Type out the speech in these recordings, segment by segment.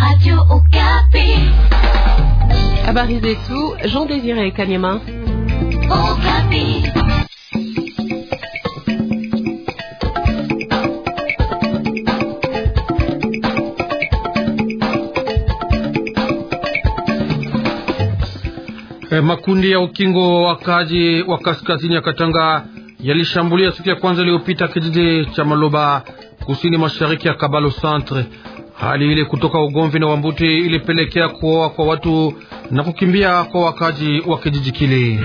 Radio Okapi. Habari zetu Jean Désiré Kanyama. Eh, makundi ya ukingo wakaji wa kaskazini ya Katanga yalishambulia siku ya kwanza iliyopita kijiji cha Maloba kusini mashariki ya Kabalo Centre Hali ile kutoka ugomvi na Wambuti ilipelekea kuoa kwa watu na kukimbia kwa wakaji wa kijiji kile.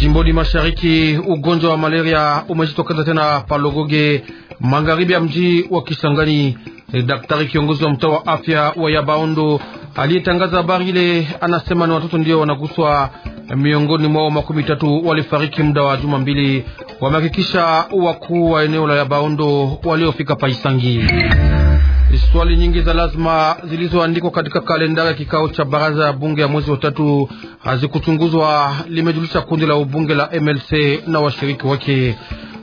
Jimboni mashariki, ugonjwa wa malaria umejitokeza tena Palogoge, magharibi ya mji wa Kisangani. Daktari kiongozi wa mtaa wa afya wa Yabaondo aliyetangaza habari ile anasema ni watoto ndio wanaguswa. Miongoni mwao makumi tatu walifariki muda wa juma mbili, wamehakikisha wakuu wa eneo la Yabaondo waliofika Paisangi. Swali nyingi za lazima zilizoandikwa katika kalendari ya kikao cha baraza ya bunge ya mwezi wa tatu hazikuchunguzwa, limejulisha kundi la ubunge la MLC na washiriki wake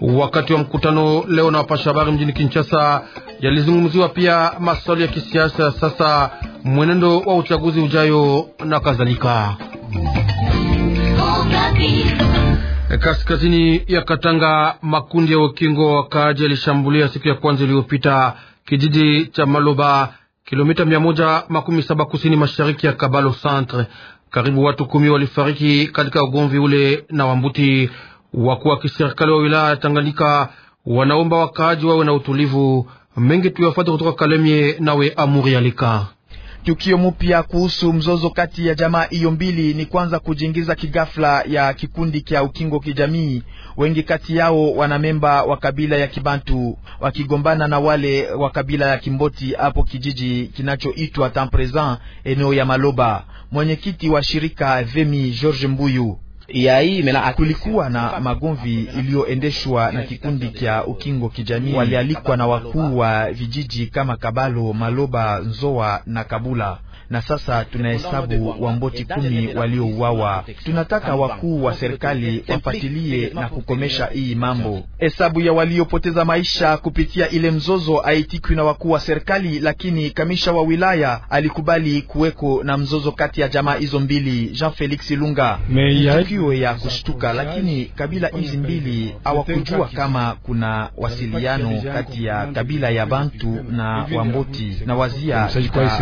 wakati wa mkutano leo na wapasha habari mjini Kinshasa. Yalizungumziwa pia maswali ya kisiasa, sasa mwenendo wa uchaguzi ujayo na kadhalika. Kaskazini ya Katanga, makundi ya ukingo wakaaji yalishambulia siku ya kwanza iliyopita kijiji cha Maloba, kilomita mia moja makumi saba kusini mashariki ya Kabalo Centre. Karibu watu kumi walifariki katika ugomvi ule na Wambuti. Wakuu wa kiserikali wa wilaya ya Tanganyika wanaomba wakaaji wawe na utulivu. Mengi tuyafuate kutoka Kalemie, nawe Amuri Alika. Tukio mpya kuhusu mzozo kati ya jamaa hiyo mbili ni kwanza kujiingiza kigafla ya kikundi kya ukingo kijamii. Wengi kati yao wanamemba wa kabila ya Kibantu wakigombana na wale wa kabila ya Kimboti hapo kijiji kinachoitwa Tampresent, eneo ya Maloba. Mwenyekiti wa shirika Vemi George Mbuyu Kulikuwa na magomvi iliyoendeshwa na kikundi kya ukingo kijamii, walialikwa na wakuu wa vijiji kama Kabalo, Maloba, Nzoa na Kabula na sasa tunahesabu Wamboti kumi waliouawa. Tunataka wakuu wa serikali wafatilie na kukomesha hii mambo. Hesabu ya waliopoteza maisha kupitia ile mzozo haitikwi na wakuu wa serikali, lakini kamisha wa wilaya alikubali kuweko na mzozo kati ya jamaa hizo mbili. Jean Felix Lunga: tukio ya kushtuka, lakini kabila hizi mbili hawakujua kama kuna wasiliano kati ya kabila ya Bantu na Wamboti na wazia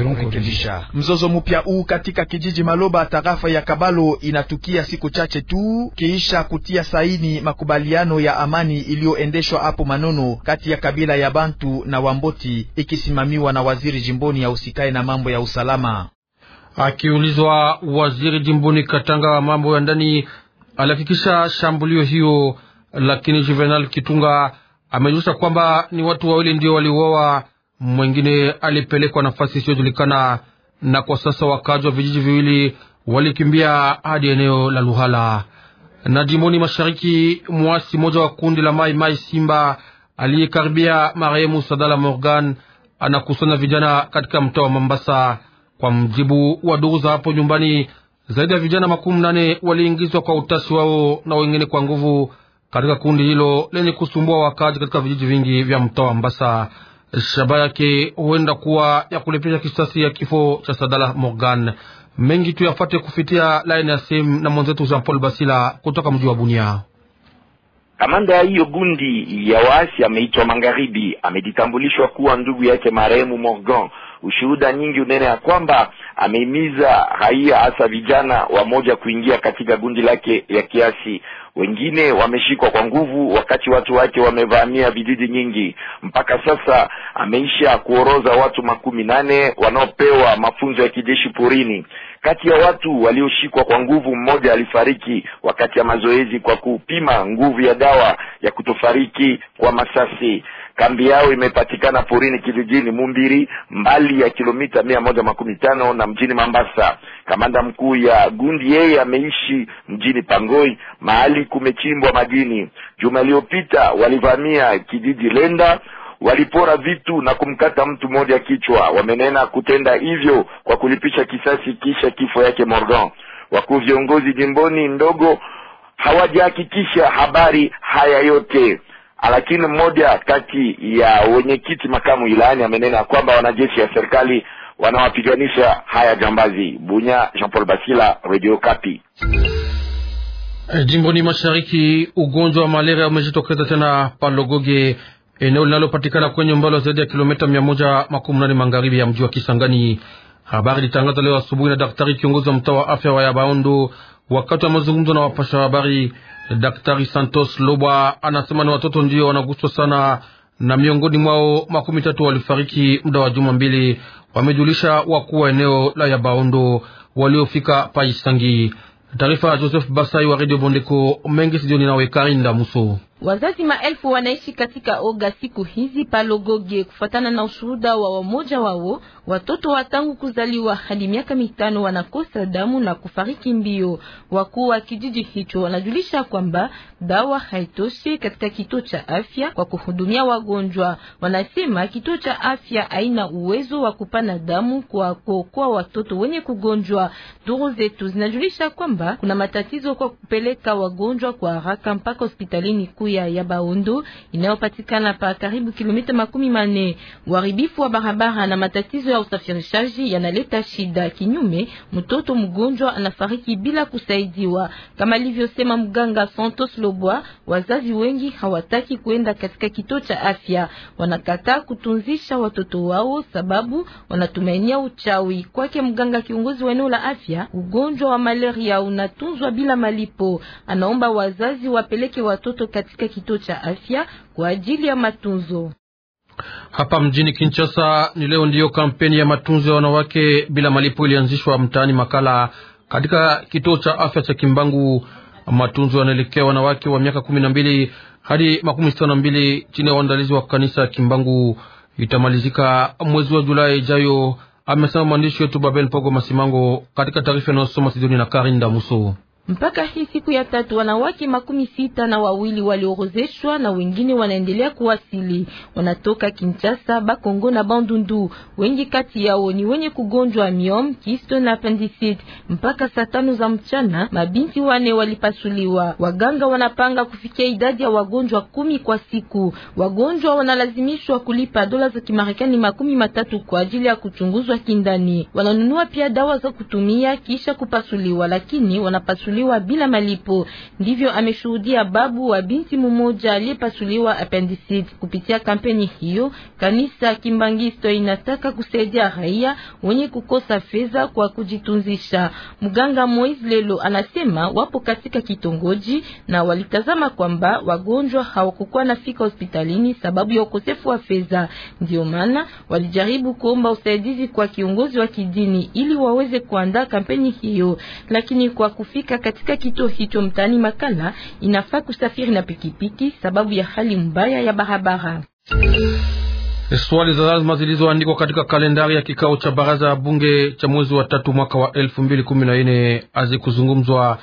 kurekebisha Mzozo mpya huu katika kijiji Maloba tarafa ya Kabalo inatukia siku chache tu kiisha kutia saini makubaliano ya amani iliyoendeshwa hapo Manono kati ya kabila ya Bantu na Wamboti ikisimamiwa na waziri jimboni ya usikae na mambo ya usalama. Akiulizwa, waziri jimboni Katanga wa mambo ya ndani alihakikisha shambulio hiyo, lakini Juvenal Kitunga amejulisha kwamba ni watu wawili ndio waliuawa, mwengine alipelekwa nafasi isiyojulikana na kwa sasa wakazi wa vijiji viwili walikimbia hadi eneo la Luhala na jimboni mashariki. Mwasi mmoja wa kundi la Mai Mai Simba aliyekaribia marehemu Sadala Morgan anakusanya vijana katika mtaa wa Mambasa. Kwa mjibu wa ndugu za hapo nyumbani, zaidi ya vijana makumi nane waliingizwa kwa utasi wao na wengine kwa nguvu katika kundi hilo lenye kusumbua wakazi katika vijiji vingi vya mtaa wa mambasa shaba yake huenda kuwa ya kulipisha kisasi ya kifo cha Sadala Morgan. Mengi tuyafate kufitia laini ya simu na mwenzetu Jean Paul Basila kutoka mji wa Bunia. Kamanda ya hiyo gundi ya waasi ameitwa Magharibi amejitambulishwa kuwa ndugu yake marehemu Morgan ushuhuda nyingi unene ya kwamba amehimiza raia hasa vijana wamoja kuingia katika gundi lake ya kiasi. Wengine wameshikwa kwa nguvu, wakati watu wake wamevamia vijiji nyingi. Mpaka sasa ameisha kuoroza watu makumi nane wanaopewa mafunzo ya kijeshi porini. Kati ya watu walioshikwa kwa nguvu, mmoja alifariki wakati ya mazoezi kwa kupima nguvu ya dawa ya kutofariki kwa masasi. Kambi yao imepatikana porini kijijini Mumbiri, mbali ya kilomita mia moja makumi tano na mjini Mambasa. Kamanda mkuu ya gundi yeye ameishi mjini Pangoi, mahali kumechimbwa madini. Juma iliyopita walivamia kijiji Lenda, walipora vitu na kumkata mtu mmoja kichwa. Wamenena kutenda hivyo kwa kulipisha kisasi kisha kifo yake Morgan. Wakuu viongozi jimboni ndogo hawajahakikisha habari haya yote. Lakini mmoja kati ya wenyekiti makamu wilayani amenena kwamba wanajeshi ya serikali wanawapiganisha haya jambazi. Bunya, Jean Paul Basila, Radio Kapi. Eh, jimboni mashariki, ugonjwa wa malaria umejitokeza tena Palogoge, eneo linalopatikana kwenye umbali wa zaidi ya kilometa mia moja makumi nane magharibi ya mji wa Kisangani. Habari ilitangazwa leo asubuhi na daktari kiongozi wa mtaa wa afya wa Yabaondo wakati wa mazungumzo na wapasha habari. Daktari Santos Lobwa anasema ni watoto ndio wanaguswa sana, na miongoni mwao makumi tatu walifariki muda wa juma mbili, wamejulisha wakuu wa eneo la Yabaondo waliofika Paisangi. Taarifa ya Joseph Basai wa Radio Bondeko mengi sijoni nawe Karinda Muso. Wazazi maelfu wanaishi katika oga siku hizi palogoge, kufatana na ushuhuda wa wamoja wao. Watoto watangu kuzaliwa hadi miaka mitano wanakosa damu na kufariki mbio. Wakuu wa kijiji hicho wanajulisha kwamba dawa haitoshi katika kituo cha afya kwa kuhudumia wagonjwa. Wanasema kituo cha afya haina uwezo wa kupana damu kwa kuokoa watoto wenye kugonjwa. Duru zetu zinajulisha kwamba kuna matatizo kwa kupeleka wagonjwa kwa haraka mpaka hospitalini kuu kuu ya Yabaondo inayopatikana pa karibu kilomita makumi mane. Uharibifu wa barabara na matatizo ya usafirishaji yanaleta shida. Kinyume, mtoto mgonjwa anafariki bila kusaidiwa, kama alivyosema mganga Santos Lobwa. Wazazi wengi hawataki kwenda katika kituo cha afya, wanakataa kutunzisha watoto wao sababu wanatumainia uchawi. Kwake mganga kiongozi wa eneo la afya, ugonjwa wa malaria unatunzwa bila malipo. Anaomba wazazi wapeleke watoto katika katika kituo cha afya kwa ajili ya matunzo. Hapa mjini Kinshasa ni leo ndiyo kampeni ya matunzo ya wanawake bila malipo ilianzishwa mtaani Makala katika kituo cha afya cha Kimbangu. Matunzo yanaelekea wanawake wa miaka kumi na mbili hadi makumi sita na mbili chini ya uandalizi wa kanisa ya Kimbangu. Itamalizika mwezi wa Julai ijayo, amesema mwandishi wetu Babel Pogo Masimango katika taarifa inayosoma Sidoni na Karinda Muso. Mpaka hii siku ya tatu wanawake makumi sita na wawili waliorozeshwa na wengine wanaendelea kuwasili. Wanatoka Kinshasa, Bakongo na Bandundu. Wengi kati yao ni wenye kugonjwa miom, kisto na appendicit. Mpaka saa tano za mchana mabinti wane walipasuliwa. Waganga wanapanga kufikia idadi ya wagonjwa kumi kwa siku. Wagonjwa wanalazimishwa kulipa dola za Kimarekani makumi matatu kwa ajili ya kuchunguzwa kindani. Wananunua pia dawa za kutumia kisha kupasuliwa, lakini wanapasuliwa kupasuliwa bila malipo. Ndivyo ameshuhudia babu wa binti mmoja aliyepasuliwa appendicitis. Kupitia kampeni hiyo, kanisa Kimbangisto inataka kusaidia raia wenye kukosa fedha kwa kujitunzisha. Mganga Moise Lelo anasema wapo katika kitongoji na walitazama kwamba wagonjwa hawakukuwa nafika hospitalini sababu ya ukosefu wa fedha. Ndio maana walijaribu kuomba usaidizi kwa kiongozi wa kidini ili waweze kuandaa kampeni hiyo, lakini kwa kufika katika kituo hicho mtaani Makala inafaa kusafiri na pikipiki sababu ya hali mbaya ya barabara. Swali za lazima zilizoandikwa katika kalendari ya kikao cha baraza ya bunge cha mwezi wa tatu mwaka wa elfu mbili kumi na nne hazikuzungumzwa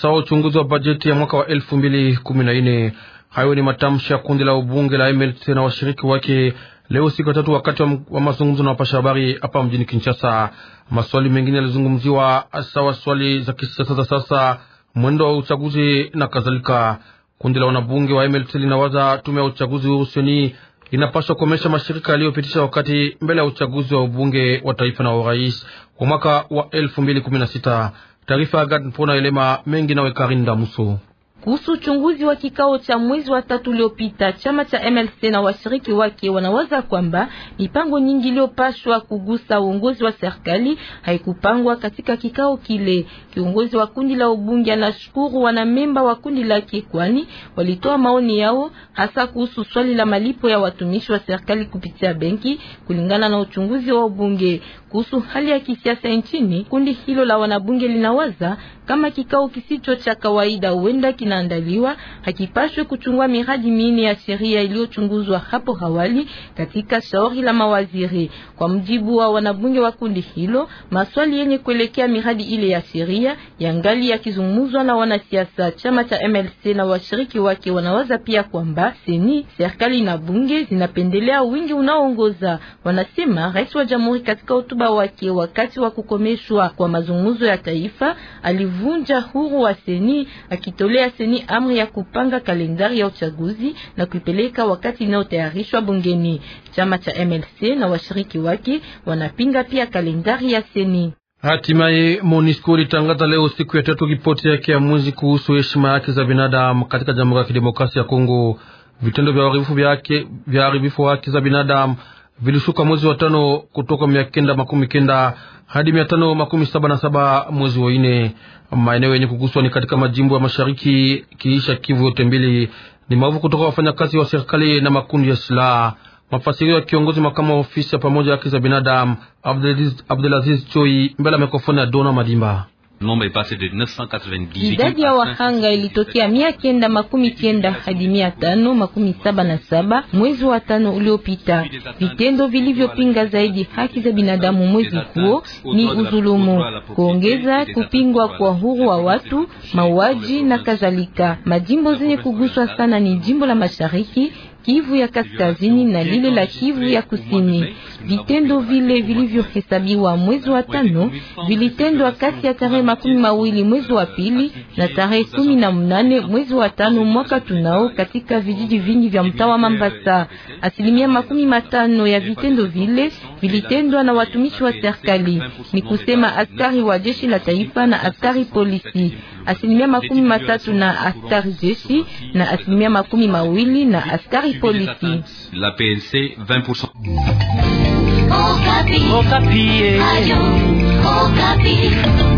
sawa uchunguzi wa bajeti ya mwaka wa elfu mbili kumi na nne. Hayo ni matamshi ya kundi la ubunge la MLC na washiriki wake leo siku tatu, wakati wa mazungumzo na wapasha habari hapa mjini Kinshasa. Maswali mengine yalizungumziwa sawa swali za kisiasa za sasa, mwendo wa uchaguzi na kadhalika. Kundi la wanabunge wa MLC linawaza tume ya uchaguzi huru seni inapaswa kuomesha mashirika yaliyopitisha wakati mbele ya uchaguzi wa ubunge wa taifa na urais kwa mwaka wa elfu mbili kumi na sita. Taarifa ya Gad Mpona Elema mengi nawe Karinda Muso. Kuhusu uchunguzi wa kikao cha mwezi wa tatu uliopita, chama cha MLC na washiriki wake wanawaza kwamba mipango nyingi iliyopashwa kugusa uongozi wa serikali haikupangwa katika kikao kile. Kiongozi wa kundi la ubunge anashukuru wana memba wa kundi lake, kwani walitoa maoni yao hasa kuhusu swali la malipo ya watumishi wa serikali kupitia benki kulingana na uchunguzi wa ubunge. Kuhusu hali ya kisiasa nchini, kundi hilo la wanabunge linawaza kama kikao kisicho cha kawaida huenda kinaandaliwa, hakipaswi kuchungua miradi minne ya sheria iliyochunguzwa hapo awali katika shauri la mawaziri. Kwa mjibu wa wanabunge wa kundi hilo, maswali yenye kuelekea miradi ile ya sheria yangali yakizungumzwa na wanasiasa. Chama cha MLC na washiriki wake wanawaza pia kwamba seni, serikali na bunge zinapendelea wingi unaoongoza. Wanasema rais wa jamhuri katika hotuba wake wakati wa kukomeshwa kwa mazungumzo ya taifa ali kuvunja huru wa seni, akitolea seni amri ya kupanga kalendari ya uchaguzi na kuipeleka wakati inayotayarishwa bungeni. Chama cha MLC na washiriki wake wanapinga pia kalendari ya seni. Hatimaye Monisco ilitangaza leo siku ya tatu ripoti yake ya mwezi kuhusu heshima yake za binadamu katika Jamhuri ya Kidemokrasia ya Kongo. Vitendo vya uharibifu haki za binadamu vilishuka mwezi wa tano kutoka mia kenda makumi kenda hadi mia tano makumi saba na saba mwezi wa ine. Maeneo yenye kuguswa ni katika majimbo ya mashariki kiisha Kivu yote mbili, ni maovu kutoka wafanyakazi wa serikali na makundi ya silaha. Mafasirio ya kiongozi makamu wa ofisi ya pamoja haki za binadamu Abdelaziz Choi mbele ya mikrofoni ya Dona Madimba. Idadi ya wahanga ilitokea mia kenda makumi kenda hadi mia tano makumi saba na saba mwezi wa tano uliopita. Vitendo vilivyopinga zaidi haki za binadamu mwezi huo ni uzulumu kuongeza kupingwa kwa huru wa watu, mauaji na kadhalika. Majimbo zenye kuguswa sana ni jimbo la Mashariki Kivu ya kaskazini na lile la Kivu ya kusini. Vitendo vile vilivyohesabiwa mwezi wa tano vilitendwa kati ya tarehe makumi mawili mwezi wa pili na tarehe kumi na mnane mwezi wa tano mwaka tunao katika vijiji vingi vya mtaa wa Mambasa. Asilimia makumi matano ya vitendo vile vilitendwa na watumishi wa serikali, ni kusema askari wa jeshi la taifa na askari polisi asilimia makumi matatu na askari jeshi na asilimia makumi mawili na askari polisi. La PLC 20%.